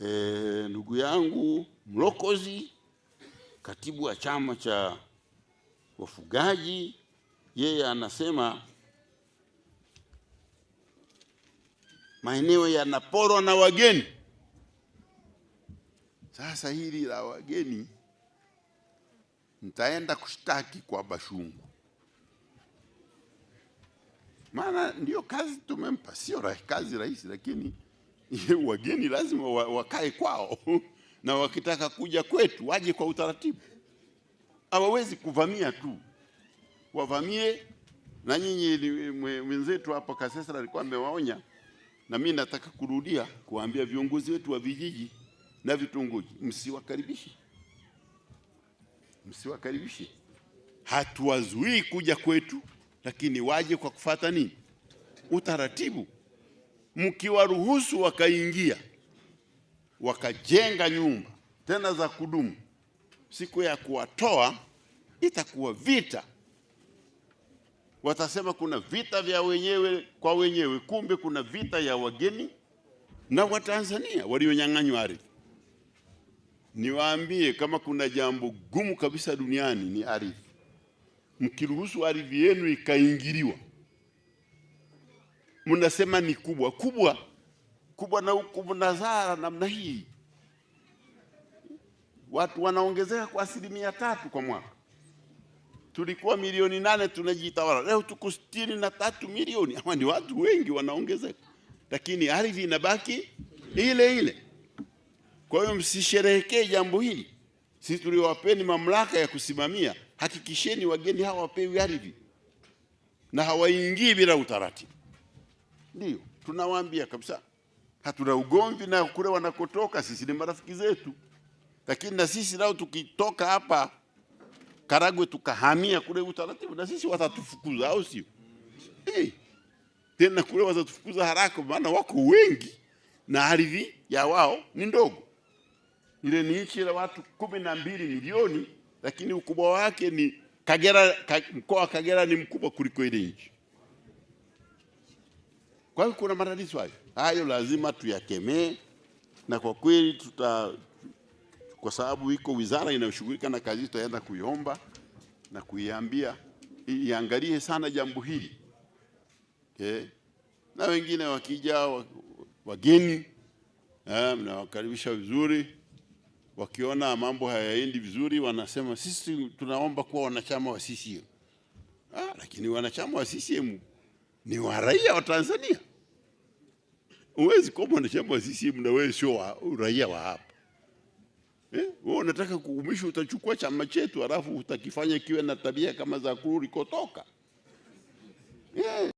e, ndugu yangu Mlokozi, katibu wa chama cha wafugaji, yeye anasema maeneo yanaporwa na wageni. Sasa hili la wageni nitaenda kushtaki kwa bashungu maana ndio kazi tumempa, sio kazi rahisi, lakini wageni lazima wakae kwao na wakitaka kuja kwetu waje kwa utaratibu, hawawezi kuvamia tu, wavamie. Na nyinyi mwenzetu hapo Kasesa alikuwa amewaonya, na mimi nataka kurudia kuwaambia viongozi wetu wa vijiji na vitongoji, msiwakaribishe, msiwakaribishe. Hatuwazuii kuja kwetu, lakini waje kwa kufata nini? Utaratibu mkiwaruhusu wakaingia wakajenga nyumba tena za kudumu, siku ya kuwatoa itakuwa vita. Watasema kuna vita vya wenyewe kwa wenyewe, kumbe kuna vita ya wageni na Watanzania walionyang'anywa ardhi. Niwaambie, kama kuna jambo gumu kabisa duniani ni ardhi. Mkiruhusu ardhi yenu ikaingiliwa mnasema ni kubwa kubwa kubwa, na huku mnazara namna hii, watu wanaongezeka kwa asilimia tatu kwa mwaka. Tulikuwa milioni nane tunajitawala, leo tuko sitini na tatu milioni. Hawa ni watu wengi wanaongezeka, lakini ardhi inabaki ile ile. Kwa hiyo msisherehekee jambo hili. Sisi tuliwapeni mamlaka ya kusimamia, hakikisheni wageni hawa wapewi ardhi na hawaingii bila utaratibu. Ndio tunawaambia kabisa, hatuna ugomvi na kule wanakotoka, sisi ni marafiki zetu, lakini na sisi nao tukitoka hapa Karagwe tukahamia kule utaratibu, na sisi watatufukuza, au sio? Hey, eh, tena kule watatufukuza haraka, maana wako wengi na ardhi ya wao ni ndogo. Ile ni nchi ya watu kumi na mbili milioni, lakini ukubwa wake ni Kagera, mkoa wa Kagera ni mkubwa kuliko ile nchi. Kwa hiyo kuna matatizo hayo hayo, lazima tuyakemee, na kwa kweli tuta, kwa sababu iko wizara inayoshughulika na kazi, tutaenda kuiomba na kuiambia iangalie sana jambo hili okay. E, na wengine wakija wageni eh, mnawakaribisha vizuri. Wakiona mambo hayaendi vizuri, wanasema sisi tunaomba kuwa wanachama wa CCM. Ah, lakini wanachama wa CCM ni wa raia wa Tanzania Huwezi kuwa mwanachama wa CCM na wewe sio raia wa hapa eh? Wewe unataka kuumisha, utachukua chama chetu halafu utakifanya kiwe na tabia kama za kuru kotoka eh?